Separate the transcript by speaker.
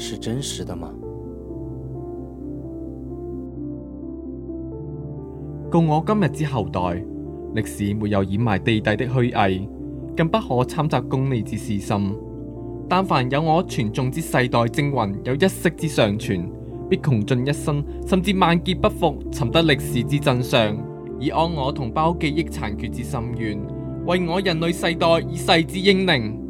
Speaker 1: 是真實的嗎？告我今日之後代，歷史沒有掩埋地底的虛偽，更不可摻雜功利之私心。但凡有我傳頌之世代精魂有一息之尚存，必窮盡一生，甚至萬劫不復，尋得歷史之真相，以安我同胞記憶殘缺之心願，慰我人類世代已逝之英靈。